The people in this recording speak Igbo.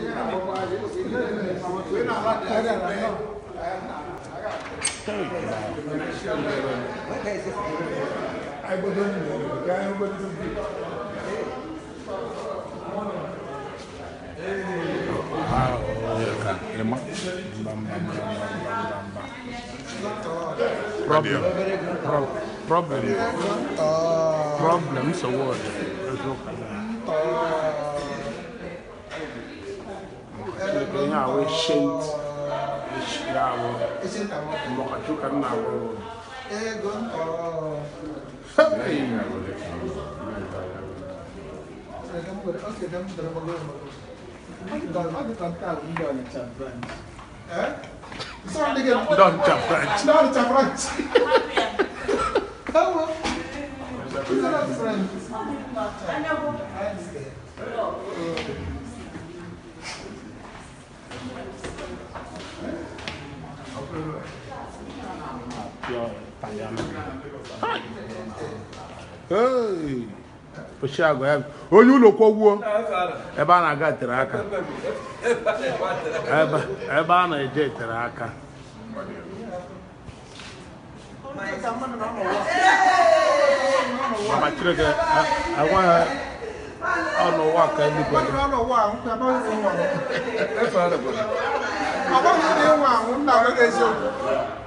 We're Problem. problem. Problems ihe eh, oh. eh? a wee shent mọkachuka nna agwụrụ Don Hello. onye ụlọ kwọgwuo ebe a na-aga tere aka ebe a na-eje tere aka ọnụwa ka eluigwe ういしょう